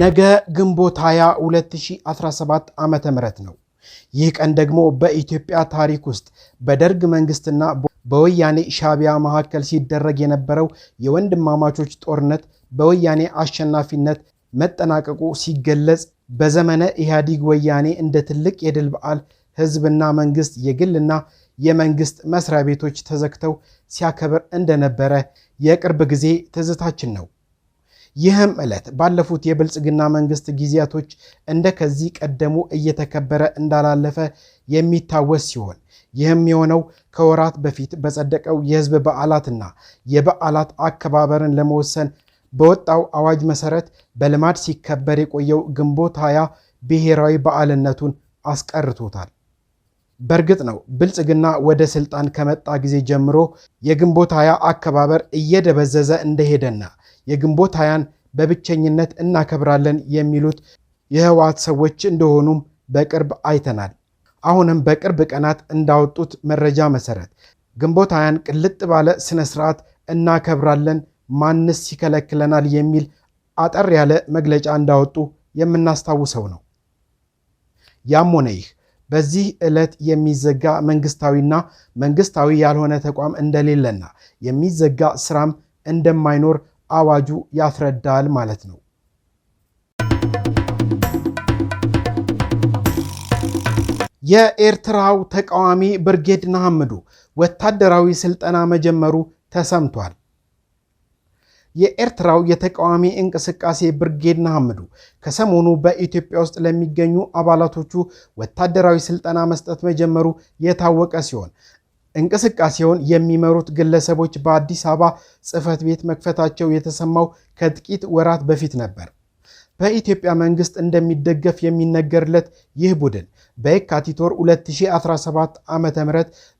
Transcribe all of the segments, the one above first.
ነገ ግንቦት 20 2017 ዓ ም ነው። ይህ ቀን ደግሞ በኢትዮጵያ ታሪክ ውስጥ በደርግ መንግስትና በወያኔ ሻቢያ መካከል ሲደረግ የነበረው የወንድማማቾች ጦርነት በወያኔ አሸናፊነት መጠናቀቁ ሲገለጽ በዘመነ ኢህአዲግ ወያኔ እንደ ትልቅ የድል በዓል ህዝብና መንግስት የግልና የመንግስት መስሪያ ቤቶች ተዘግተው ሲያከብር እንደነበረ የቅርብ ጊዜ ትዝታችን ነው። ይህም ዕለት ባለፉት የብልጽግና መንግስት ጊዜያቶች እንደ ከዚህ ቀደሙ እየተከበረ እንዳላለፈ የሚታወስ ሲሆን ይህም የሆነው ከወራት በፊት በጸደቀው የህዝብ በዓላትና የበዓላት አከባበርን ለመወሰን በወጣው አዋጅ መሰረት በልማድ ሲከበር የቆየው ግንቦት ሀያ ብሔራዊ በዓልነቱን አስቀርቶታል። በእርግጥ ነው ብልጽግና ወደ ስልጣን ከመጣ ጊዜ ጀምሮ የግንቦት ሀያ አከባበር እየደበዘዘ እንደሄደና የግንቦት ሀያን በብቸኝነት እናከብራለን የሚሉት የህወሓት ሰዎች እንደሆኑም በቅርብ አይተናል። አሁንም በቅርብ ቀናት እንዳወጡት መረጃ መሰረት ግንቦት ሀያን ቅልጥ ባለ ስነ ስርዓት እናከብራለን ማንስ ይከለክለናል የሚል አጠር ያለ መግለጫ እንዳወጡ የምናስታውሰው ነው። ያም ሆነ ይህ በዚህ ዕለት የሚዘጋ መንግስታዊና መንግስታዊ ያልሆነ ተቋም እንደሌለና የሚዘጋ ስራም እንደማይኖር አዋጁ ያስረዳል ማለት ነው። የኤርትራው ተቃዋሚ ብርጌድ ንሓመዱ ወታደራዊ ስልጠና መጀመሩ ተሰምቷል። የኤርትራው የተቃዋሚ እንቅስቃሴ ብርጌድ ንሓመዱ ከሰሞኑ በኢትዮጵያ ውስጥ ለሚገኙ አባላቶቹ ወታደራዊ ስልጠና መስጠት መጀመሩ የታወቀ ሲሆን እንቅስቃሴውን የሚመሩት ግለሰቦች በአዲስ አበባ ጽፈት ቤት መክፈታቸው የተሰማው ከጥቂት ወራት በፊት ነበር። በኢትዮጵያ መንግስት እንደሚደገፍ የሚነገርለት ይህ ቡድን በየካቲት ወር 2017 ዓ ም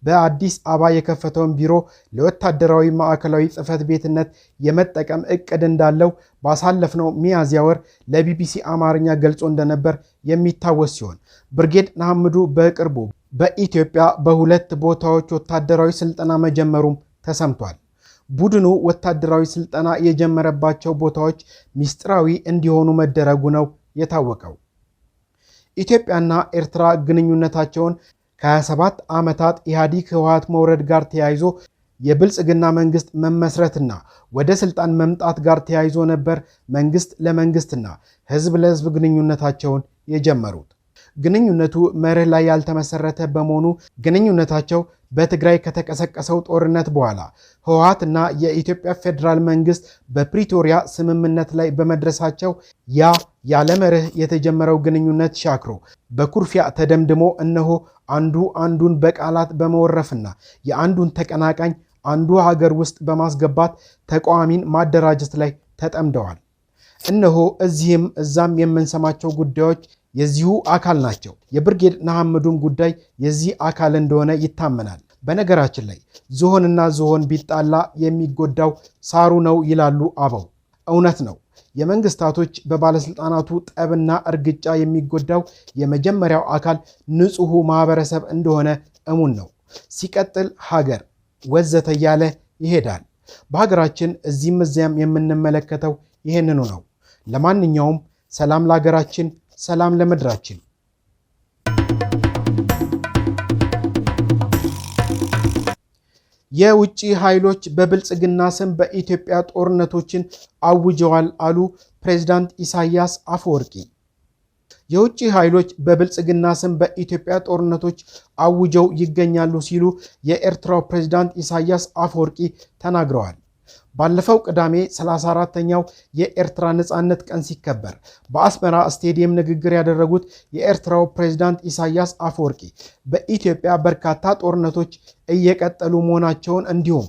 በአዲስ አበባ የከፈተውን ቢሮ ለወታደራዊ ማዕከላዊ ጽፈት ቤትነት የመጠቀም እቅድ እንዳለው ባሳለፍነው ሚያዝያ ወር ለቢቢሲ አማርኛ ገልጾ እንደነበር የሚታወስ ሲሆን ብርጌድ ናሐምዱ በቅርቡ በኢትዮጵያ በሁለት ቦታዎች ወታደራዊ ስልጠና መጀመሩም ተሰምቷል። ቡድኑ ወታደራዊ ስልጠና የጀመረባቸው ቦታዎች ሚስጥራዊ እንዲሆኑ መደረጉ ነው የታወቀው። ኢትዮጵያና ኤርትራ ግንኙነታቸውን ከ27 ዓመታት ኢህአዲግ ህወሀት መውረድ ጋር ተያይዞ የብልጽግና መንግስት መመስረትና ወደ ስልጣን መምጣት ጋር ተያይዞ ነበር መንግስት ለመንግስትና ህዝብ ለህዝብ ግንኙነታቸውን የጀመሩት። ግንኙነቱ መርህ ላይ ያልተመሰረተ በመሆኑ ግንኙነታቸው በትግራይ ከተቀሰቀሰው ጦርነት በኋላ እና የኢትዮጵያ ፌዴራል መንግስት በፕሪቶሪያ ስምምነት ላይ በመድረሳቸው ያ ያለ መርህ የተጀመረው ግንኙነት ሻክሮ በኩርፊያ ተደምድሞ እነሆ አንዱ አንዱን በቃላት በመወረፍና የአንዱን ተቀናቃኝ አንዱ ሀገር ውስጥ በማስገባት ተቃዋሚን ማደራጀት ላይ ተጠምደዋል። እነሆ እዚህም እዛም የምንሰማቸው ጉዳዮች የዚሁ አካል ናቸው። የብርጌድ ንሓመዱም ጉዳይ የዚህ አካል እንደሆነ ይታመናል። በነገራችን ላይ ዝሆንና ዝሆን ቢጣላ የሚጎዳው ሳሩ ነው ይላሉ አበው። እውነት ነው። የመንግስታቶች በባለስልጣናቱ ጠብና እርግጫ የሚጎዳው የመጀመሪያው አካል ንጹሑ ማህበረሰብ እንደሆነ እሙን ነው። ሲቀጥል ሀገር ወዘተ እያለ ይሄዳል። በሀገራችን እዚህም እዚያም የምንመለከተው ይህንኑ ነው። ለማንኛውም ሰላም ለሀገራችን ሰላም ለምድራችን። የውጭ ኃይሎች በብልጽግና ስም በኢትዮጵያ ጦርነቶችን አውጀዋል አሉ ፕሬዝዳንት ኢሳያስ አፈወርቂ። የውጭ ኃይሎች በብልጽግና ስም በኢትዮጵያ ጦርነቶች አውጀው ይገኛሉ ሲሉ የኤርትራው ፕሬዝዳንት ኢሳያስ አፈወርቂ ተናግረዋል። ባለፈው ቅዳሜ 34ተኛው የኤርትራ ነፃነት ቀን ሲከበር በአስመራ ስቴዲየም ንግግር ያደረጉት የኤርትራው ፕሬዝዳንት ኢሳያስ አፈወርቂ በኢትዮጵያ በርካታ ጦርነቶች እየቀጠሉ መሆናቸውን እንዲሁም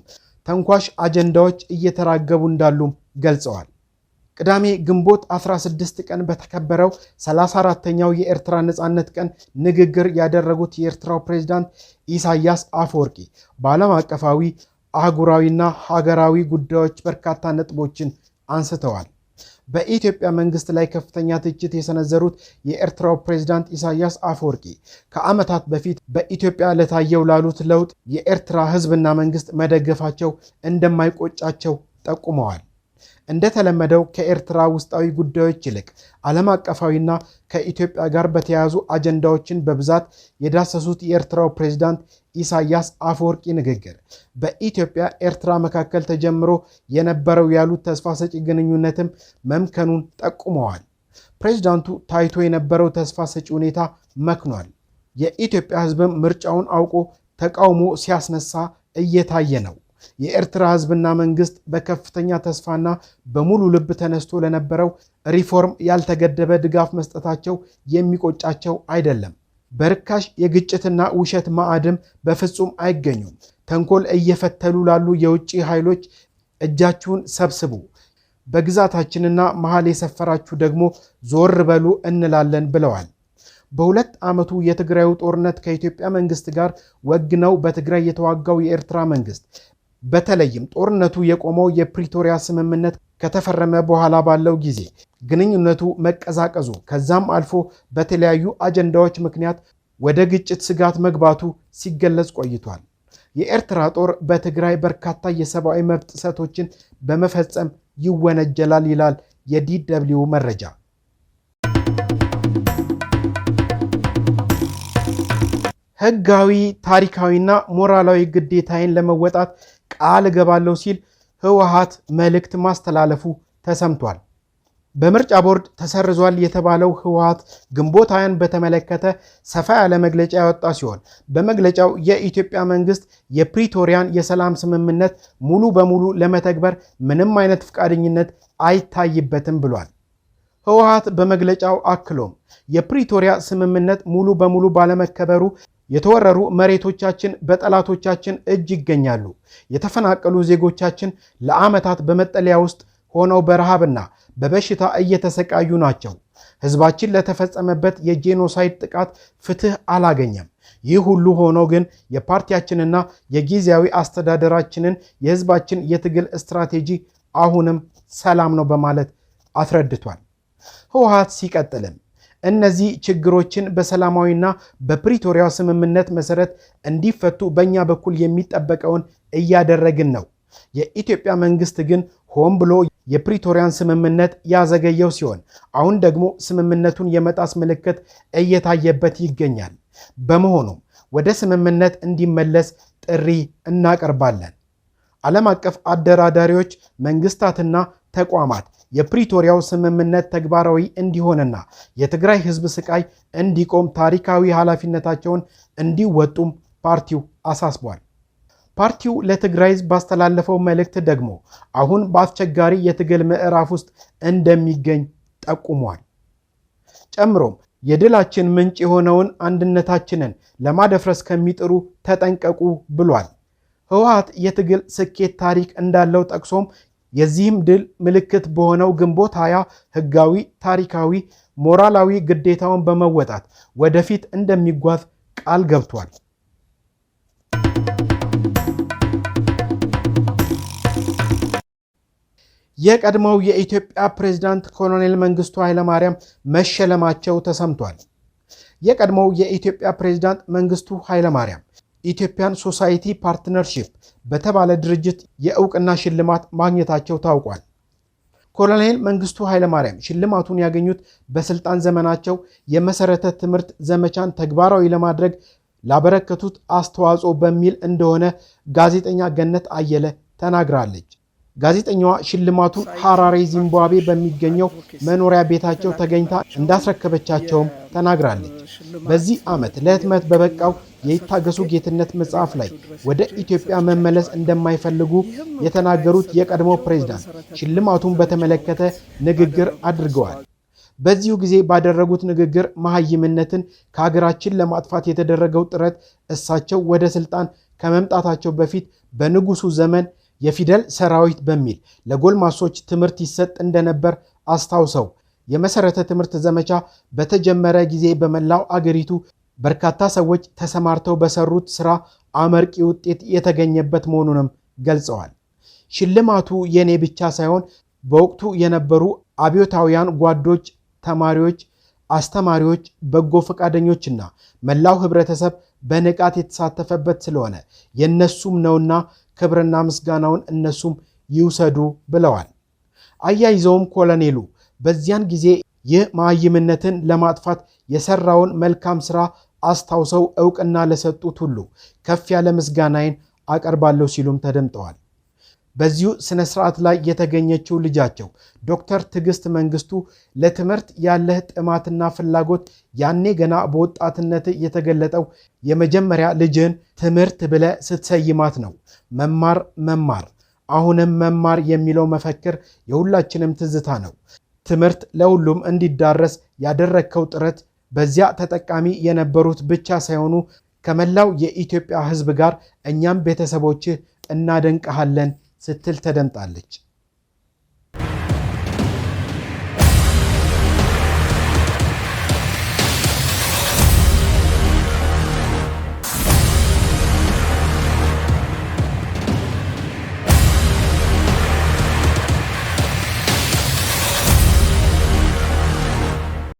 ተንኳሽ አጀንዳዎች እየተራገቡ እንዳሉም ገልጸዋል። ቅዳሜ ግንቦት 16 ቀን በተከበረው 34ተኛው የኤርትራ ነፃነት ቀን ንግግር ያደረጉት የኤርትራው ፕሬዝዳንት ኢሳያስ አፈወርቂ በዓለም አቀፋዊ አህጉራዊና ሀገራዊ ጉዳዮች በርካታ ነጥቦችን አንስተዋል። በኢትዮጵያ መንግስት ላይ ከፍተኛ ትችት የሰነዘሩት የኤርትራው ፕሬዚዳንት ኢሳያስ አፈወርቂ ከዓመታት በፊት በኢትዮጵያ ለታየው ላሉት ለውጥ የኤርትራ ሕዝብና መንግስት መደገፋቸው እንደማይቆጫቸው ጠቁመዋል። እንደተለመደው ከኤርትራ ውስጣዊ ጉዳዮች ይልቅ ዓለም አቀፋዊና ከኢትዮጵያ ጋር በተያያዙ አጀንዳዎችን በብዛት የዳሰሱት የኤርትራው ፕሬዚዳንት ኢሳያስ አፈወርቂ ንግግር በኢትዮጵያ ኤርትራ መካከል ተጀምሮ የነበረው ያሉት ተስፋ ሰጪ ግንኙነትም መምከኑን ጠቁመዋል። ፕሬዚዳንቱ ታይቶ የነበረው ተስፋ ሰጪ ሁኔታ መክኗል፣ የኢትዮጵያ ሕዝብም ምርጫውን አውቆ ተቃውሞ ሲያስነሳ እየታየ ነው የኤርትራ ሕዝብና መንግስት በከፍተኛ ተስፋና በሙሉ ልብ ተነስቶ ለነበረው ሪፎርም ያልተገደበ ድጋፍ መስጠታቸው የሚቆጫቸው አይደለም። በርካሽ የግጭትና ውሸት ማዕድም በፍጹም አይገኙም። ተንኮል እየፈተሉ ላሉ የውጭ ኃይሎች እጃችሁን ሰብስቡ፣ በግዛታችንና መሃል የሰፈራችሁ ደግሞ ዞር በሉ እንላለን ብለዋል። በሁለት ዓመቱ የትግራዩ ጦርነት ከኢትዮጵያ መንግስት ጋር ወግነው በትግራይ የተዋጋው የኤርትራ መንግስት በተለይም ጦርነቱ የቆመው የፕሪቶሪያ ስምምነት ከተፈረመ በኋላ ባለው ጊዜ ግንኙነቱ መቀዛቀዙ ከዛም አልፎ በተለያዩ አጀንዳዎች ምክንያት ወደ ግጭት ስጋት መግባቱ ሲገለጽ ቆይቷል። የኤርትራ ጦር በትግራይ በርካታ የሰብአዊ መብት ጥሰቶችን በመፈጸም ይወነጀላል ይላል የዲደብሊው መረጃ። ህጋዊ፣ ታሪካዊና ሞራላዊ ግዴታዬን ለመወጣት ቃል እገባለሁ ሲል ህወሓት መልእክት ማስተላለፉ ተሰምቷል። በምርጫ ቦርድ ተሰርዟል የተባለው ህወሓት ግንቦት ሃያን በተመለከተ ሰፋ ያለ መግለጫ ያወጣ ሲሆን በመግለጫው የኢትዮጵያ መንግስት የፕሪቶሪያን የሰላም ስምምነት ሙሉ በሙሉ ለመተግበር ምንም አይነት ፈቃደኝነት አይታይበትም ብሏል። ህወሓት በመግለጫው አክሎም የፕሪቶሪያ ስምምነት ሙሉ በሙሉ ባለመከበሩ የተወረሩ መሬቶቻችን በጠላቶቻችን እጅ ይገኛሉ። የተፈናቀሉ ዜጎቻችን ለዓመታት በመጠለያ ውስጥ ሆነው በረሃብና በበሽታ እየተሰቃዩ ናቸው። ሕዝባችን ለተፈጸመበት የጄኖሳይድ ጥቃት ፍትህ አላገኘም። ይህ ሁሉ ሆኖ ግን የፓርቲያችንና የጊዜያዊ አስተዳደራችንን የሕዝባችን የትግል ስትራቴጂ አሁንም ሰላም ነው በማለት አስረድቷል። ህወሓት ሲቀጥልም እነዚህ ችግሮችን በሰላማዊና በፕሪቶሪያው ስምምነት መሰረት እንዲፈቱ በእኛ በኩል የሚጠበቀውን እያደረግን ነው። የኢትዮጵያ መንግስት ግን ሆን ብሎ የፕሪቶሪያን ስምምነት ያዘገየው ሲሆን አሁን ደግሞ ስምምነቱን የመጣስ ምልክት እየታየበት ይገኛል። በመሆኑም ወደ ስምምነት እንዲመለስ ጥሪ እናቀርባለን። ዓለም አቀፍ አደራዳሪዎች መንግስታትና ተቋማት የፕሪቶሪያው ስምምነት ተግባራዊ እንዲሆንና የትግራይ ህዝብ ስቃይ እንዲቆም ታሪካዊ ኃላፊነታቸውን እንዲወጡም ፓርቲው አሳስቧል። ፓርቲው ለትግራይ ህዝብ ባስተላለፈው መልእክት ደግሞ አሁን በአስቸጋሪ የትግል ምዕራፍ ውስጥ እንደሚገኝ ጠቁሟል። ጨምሮም የድላችን ምንጭ የሆነውን አንድነታችንን ለማደፍረስ ከሚጥሩ ተጠንቀቁ ብሏል። ህወሓት የትግል ስኬት ታሪክ እንዳለው ጠቅሶም የዚህም ድል ምልክት በሆነው ግንቦት ሀያ ህጋዊ፣ ታሪካዊ፣ ሞራላዊ ግዴታውን በመወጣት ወደፊት እንደሚጓዝ ቃል ገብቷል። የቀድሞው የኢትዮጵያ ፕሬዝዳንት ኮሎኔል መንግስቱ ኃይለማርያም መሸለማቸው ተሰምቷል። የቀድሞው የኢትዮጵያ ፕሬዝዳንት መንግስቱ ኃይለማርያም ኢትዮጵያን ሶሳይቲ ፓርትነርሺፕ በተባለ ድርጅት የእውቅና ሽልማት ማግኘታቸው ታውቋል። ኮሎኔል መንግስቱ ኃይለማርያም ሽልማቱን ያገኙት በስልጣን ዘመናቸው የመሰረተ ትምህርት ዘመቻን ተግባራዊ ለማድረግ ላበረከቱት አስተዋጽኦ በሚል እንደሆነ ጋዜጠኛ ገነት አየለ ተናግራለች። ጋዜጠኛዋ ሽልማቱን ሐራሬ ዚምባብዌ በሚገኘው መኖሪያ ቤታቸው ተገኝታ እንዳስረከበቻቸውም ተናግራለች። በዚህ ዓመት ለህትመት በበቃው የይታገሱ ጌትነት መጽሐፍ ላይ ወደ ኢትዮጵያ መመለስ እንደማይፈልጉ የተናገሩት የቀድሞ ፕሬዝዳንት ሽልማቱን በተመለከተ ንግግር አድርገዋል። በዚሁ ጊዜ ባደረጉት ንግግር መሐይምነትን ከሀገራችን ለማጥፋት የተደረገው ጥረት እሳቸው ወደ ስልጣን ከመምጣታቸው በፊት በንጉሱ ዘመን የፊደል ሰራዊት በሚል ለጎልማሶች ትምህርት ይሰጥ እንደነበር አስታውሰው የመሰረተ ትምህርት ዘመቻ በተጀመረ ጊዜ በመላው አገሪቱ በርካታ ሰዎች ተሰማርተው በሰሩት ስራ አመርቂ ውጤት የተገኘበት መሆኑንም ገልጸዋል። ሽልማቱ የኔ ብቻ ሳይሆን በወቅቱ የነበሩ አብዮታውያን ጓዶች፣ ተማሪዎች፣ አስተማሪዎች፣ በጎ ፈቃደኞችና መላው ህብረተሰብ በንቃት የተሳተፈበት ስለሆነ የእነሱም ነውና ክብርና ምስጋናውን እነሱም ይውሰዱ ብለዋል። አያይዘውም ኮሎኔሉ በዚያን ጊዜ ይህ መሃይምነትን ለማጥፋት የሰራውን መልካም ስራ አስታውሰው እውቅና ለሰጡት ሁሉ ከፍ ያለ ምስጋናዬን አቀርባለሁ ሲሉም ተደምጠዋል። በዚሁ ስነ ስርዓት ላይ የተገኘችው ልጃቸው ዶክተር ትዕግስት መንግስቱ ለትምህርት ያለህ ጥማትና ፍላጎት ያኔ ገና በወጣትነት የተገለጠው የመጀመሪያ ልጅን ትምህርት ብለ ስትሰይማት ነው። መማር መማር፣ አሁንም መማር የሚለው መፈክር የሁላችንም ትዝታ ነው። ትምህርት ለሁሉም እንዲዳረስ ያደረግከው ጥረት በዚያ ተጠቃሚ የነበሩት ብቻ ሳይሆኑ ከመላው የኢትዮጵያ ሕዝብ ጋር እኛም ቤተሰቦችህ እናደንቀሃለን ስትል ተደምጣለች።